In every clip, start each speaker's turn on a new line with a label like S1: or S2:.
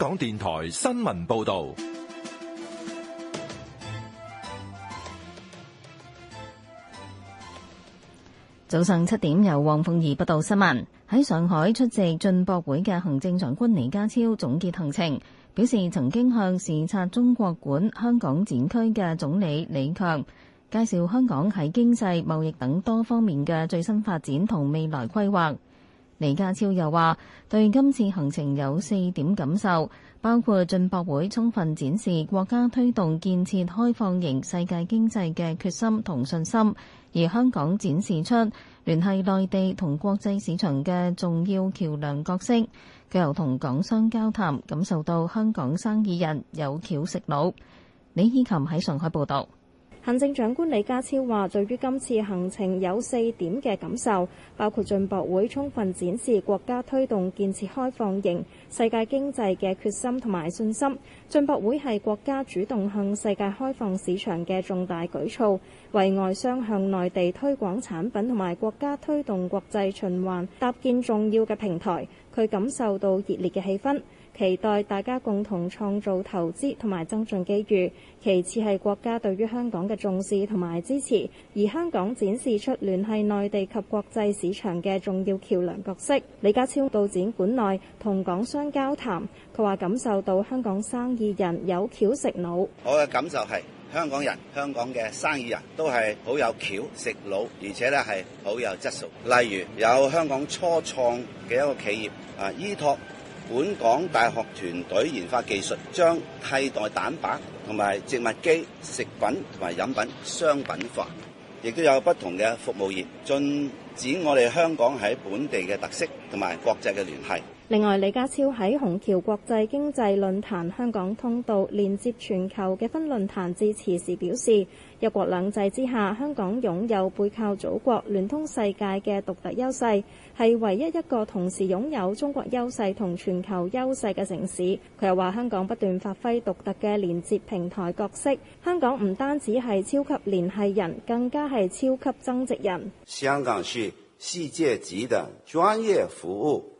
S1: 港電台
S2: 新聞報道：
S3: 早上七點，由黃鳳儀報道新聞。喺上海出席進博會嘅行政長官李家超總結行程，表示曾經向視察中國館香港展區嘅總理李強介紹香港喺經濟、貿易等多方面嘅最新發展同未來規劃。李家超又話：對今次行程有四點感受，包括進博會充分展示國家推動建設開放型世界經濟嘅決心同信心，而香港展示出聯繫內地同國際市場嘅重要橋梁角色。佢又同港商交談，感受到香港生意人有橋食腦。李以琴喺上海報導。行政長
S4: 官李家超話，對於今次行程有四點嘅感受，包括進博會充分展示國家推動建設開放型世界經濟嘅決心同埋信心。進博會係國家主動向世界開放市場嘅重大舉措，為外商向內地推廣產品同埋國家推動國際循環搭建重要嘅平台。佢感受到熱烈嘅氣氛。期待大家共同創造投資同埋增進機遇。其次係國家對於香港嘅重視同埋支持，而香港展示出聯繫內地及國際市場嘅重要橋樑角色。李家超到展館內同港商交談，佢話感受到香港生意人有橋食腦，
S1: 我嘅感受係香港人、香港嘅生意人都係好有橋食腦，而且咧係好有質素。例如有香港初創嘅一個企業啊，依託。本港大學團隊研發技術，將替代蛋白同埋植物基食品同埋飲品商品化，亦都有不同嘅服務業，盡展我哋香港喺本地嘅特色同埋國際嘅聯繫。
S4: 另外，李家超喺虹橋國際經濟論壇香港通道連接全球嘅分論壇致辭時表示：一國兩制之下，香港擁有背靠祖國、聯通世界嘅獨特優勢，係唯一一個同時擁有中國優勢同全球優勢嘅城市。佢又話：香港不斷發揮獨特嘅連接平台角色，香港唔單止係超級聯繫人，更加係超級增值人。
S1: 香港是世界級的專業服務。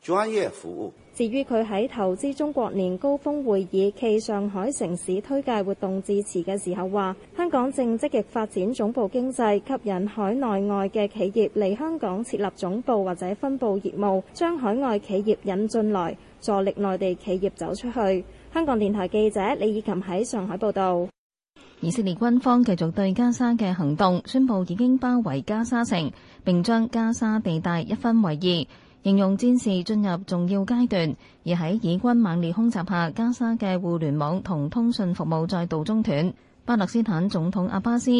S1: 專業服務。
S4: 至於佢喺投資中國年高峰會議暨上海城市推介活動致辭嘅時候話，香港正積極發展總部經濟，吸引海內外嘅企業嚟香港設立總部或者分部業務，將海外企業引進來，助力內地企業走出去。香港電台記者李以
S3: 琴喺上海報道。以色列軍方繼續對加沙嘅行動，宣布已經包圍加沙城，並將加沙地帶一分為二。形容戰事進入重要階段，而喺以軍猛烈空襲下，加沙嘅互聯網同通訊服務再度中斷。巴勒斯坦總統阿巴斯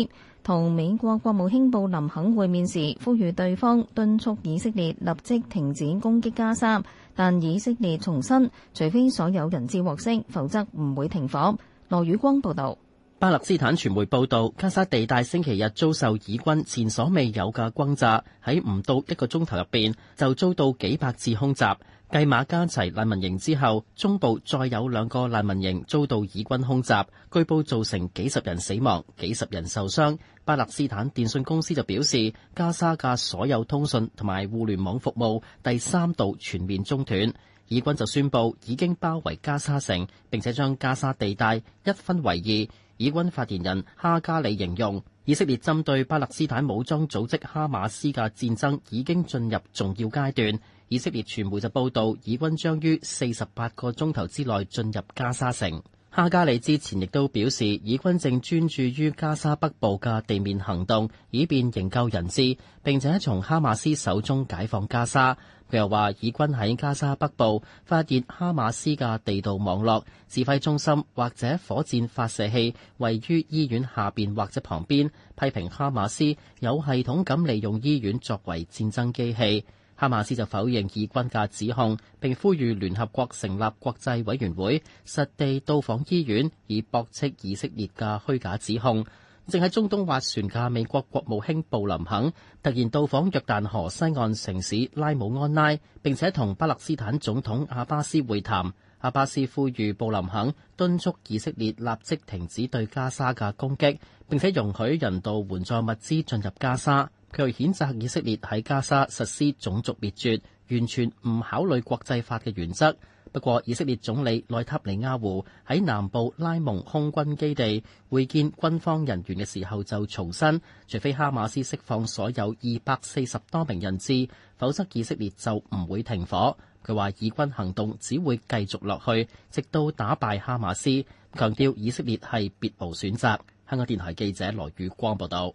S3: 同美國國務卿布林肯會面時，呼籲對方敦促以色列立即停止攻擊加沙，但以色列重申，除非所有人質獲釋，否則唔會停火。羅宇光報導。
S2: 巴勒斯坦傳媒報道，加沙地帶星期日遭受以軍前所未有嘅轟炸。喺唔到一個鐘頭入邊，就遭到幾百次空襲。繼馬加齊難民營之後，中部再有兩個難民營遭到以軍空襲，據報造成幾十人死亡，幾十人受傷。巴勒斯坦電訊公司就表示，加沙嘅所有通訊同埋互聯網服務第三度全面中斷。以軍就宣佈已經包圍加沙城，並且將加沙地帶一分為二。以軍發言人哈加里形容，以色列針對巴勒斯坦武裝組織哈馬斯嘅戰爭已經進入重要階段。以色列傳媒就報道，以軍將於四十八個鐘頭之內進入加沙城。哈加里之前亦都表示，以軍正專注於加沙北部嘅地面行動，以便營救人質，並且從哈馬斯手中解放加沙。佢又話，以軍喺加沙北部發現哈馬斯嘅地道網絡、指揮中心或者火箭發射器，位於醫院下面或者旁邊。批評哈馬斯有系統咁利用醫院作為戰爭機器。哈馬斯就否認以軍嘅指控，並呼籲聯合國成立國際委員會，實地到訪醫院，以駁斥以色列嘅虛假指控。正喺中東划船嘅美國國務卿布林肯突然到訪約旦河西岸城市拉姆安拉，並且同巴勒斯坦總統阿巴斯會談。阿巴斯呼籲布林肯敦促以色列立即停止對加沙嘅攻擊，並且容許人道援助物資進入加沙。佢又譴責以色列喺加沙實施種族滅絕，完全唔考慮國際法嘅原則。不過，以色列總理內塔尼亞胡喺南部拉蒙空軍基地會見軍方人員嘅時候就重申，除非哈馬斯釋放所有二百四十多名人質，否則以色列就唔會停火。佢話，以軍行動只會繼續落去，直到打敗哈馬斯。強調以色列係別無選擇。香港電台記者羅宇光報道。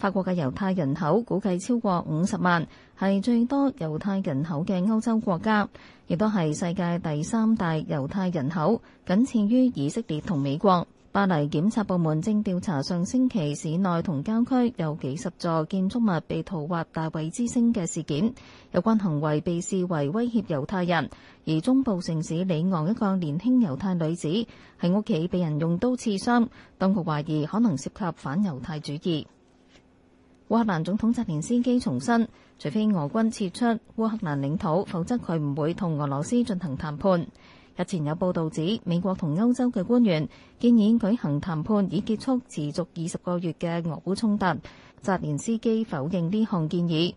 S3: 法國嘅猶太人口估計超過五十萬，係最多猶太人口嘅歐洲國家，亦都係世界第三大猶太人口，僅次於以色列同美國。巴黎檢察部門正調查上星期市內同郊區有幾十座建築物被塗畫大衛之星嘅事件，有關行為被視為威脅猶太人。而中部城市里昂一個年輕猶太女子喺屋企被人用刀刺傷，當局懷疑可能涉及反猶太主義。烏克蘭總統澤連斯基重申，除非俄軍撤出烏克蘭領土，否則佢唔會同俄羅斯進行談判。日前有報道指，美國同歐洲嘅官員建議舉行談判，以結束持續二十個月嘅俄烏衝突。澤連斯基否認呢項建議。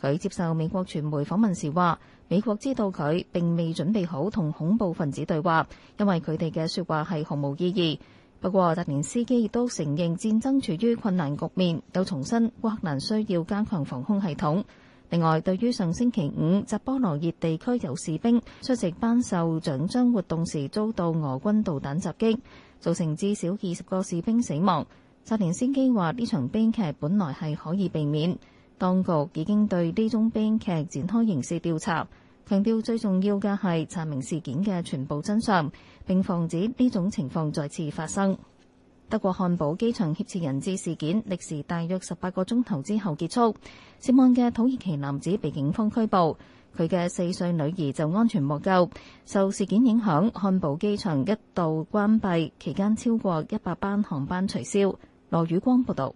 S3: 佢接受美國傳媒訪問時話，美國知道佢並未準備好同恐怖分子對話，因為佢哋嘅說話係毫無意義。不過澤連斯基亦都承認戰爭處於困難局面，又重申烏克蘭需要加強防空系統。另外，對於上星期五扎波羅熱地區有士兵出席頒授獎章活動時遭到俄軍導彈襲擊，造成至少二十個士兵死亡，澤連斯基話呢場悲劇本來係可以避免，當局已經對呢種悲劇展開刑事調查。強調最重要嘅係查明事件嘅全部真相，並防止呢種情況再次發生。德國漢堡機場挾持人質事件歷時大約十八個鐘頭之後結束，涉案嘅土耳其男子被警方拘捕，佢嘅四歲女兒就安全獲救。受事件影響，漢堡機場一度關閉，期間超過一百班航班取消。羅宇光報道。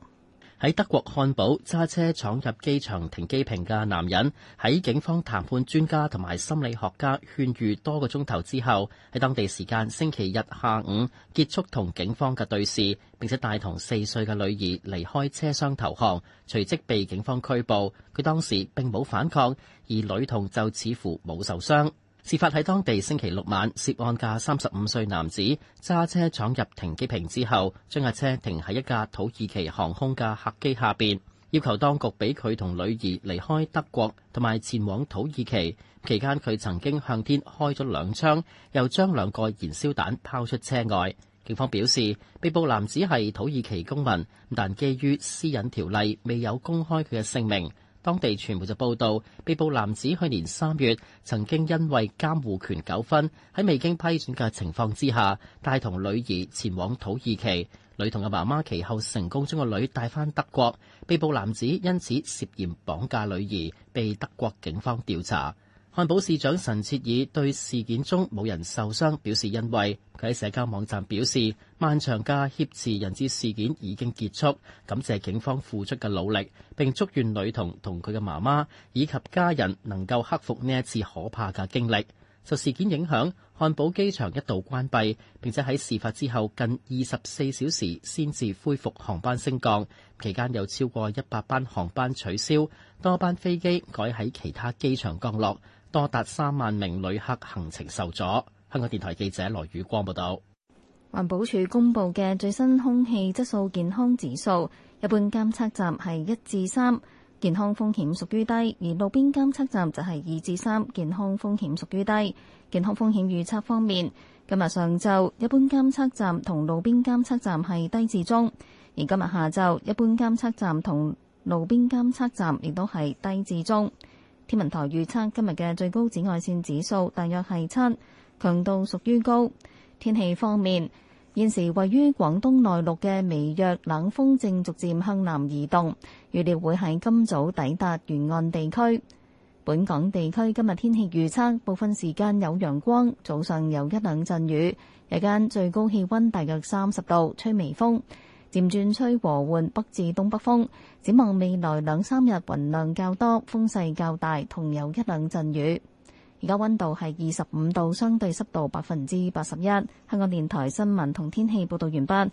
S2: 喺德國漢堡揸車闖入機場停機坪嘅男人，喺警方談判專家同埋心理學家勸喻多個鐘頭之後，喺當地時間星期日下午結束同警方嘅對峙，並且帶同四歲嘅女兒離開車廂投降，隨即被警方拘捕。佢當時並冇反抗，而女童就似乎冇受傷。事發喺當地星期六晚，涉案嘅三十五歲男子揸車闖入停機坪之後，將架車停喺一架土耳其航空嘅客機下邊，要求當局俾佢同女兒離開德國同埋前往土耳其。期間佢曾經向天開咗兩槍，又將兩個燃燒彈拋出車外。警方表示，被捕男子係土耳其公民，但基於私隱條例，未有公開佢嘅姓名。當地傳媒就報道，被捕男子去年三月曾經因為監護權糾紛，喺未經批准嘅情況之下，帶同女兒前往土耳其。女童嘅媽媽其後成功將個女帶返德國，被捕男子因此涉嫌綁架女兒，被德國警方調查。漢堡市長陳切爾對事件中冇人受傷表示欣慰。佢喺社交網站表示，漫長嘅挾持人質事件已經結束，感謝警方付出嘅努力，並祝願女童同佢嘅媽媽以及家人能夠克服呢一次可怕嘅經歷。受事件影響，漢堡機場一度關閉，並且喺事發之後近二十四小時先至恢復航班升降。期間有超過一百班航班取消，多班飛機改喺其他機場降落。多達三萬名旅客行程受阻。香港電台記者羅宇光報道。
S3: 環保署公布嘅最新空氣質素健康指數，一般監測站係一至三，健康風險屬於低；而路邊監測站就係二至三，健康風險屬於低。健康風險預測方面，今日上晝一般監測站同路邊監測站係低至中，而今日下晝一般監測站同路邊監測站亦都係低至中。天文台預測今日嘅最高紫外線指數大約係七，強度屬於高。天氣方面，現時位於廣東內陸嘅微弱冷鋒正逐漸向南移動，預料會喺今早抵達沿岸地區。本港地區今日天氣預測部分時間有陽光，早上有一兩陣雨，日間最高氣温大約三十度，吹微風。漸轉吹和緩北至東北風，展望未來兩三日雲量較多，風勢較大，同有一兩陣雨。而家溫度係二十五度，相對濕度百分之八十一。香港電台新聞同天氣報道完畢。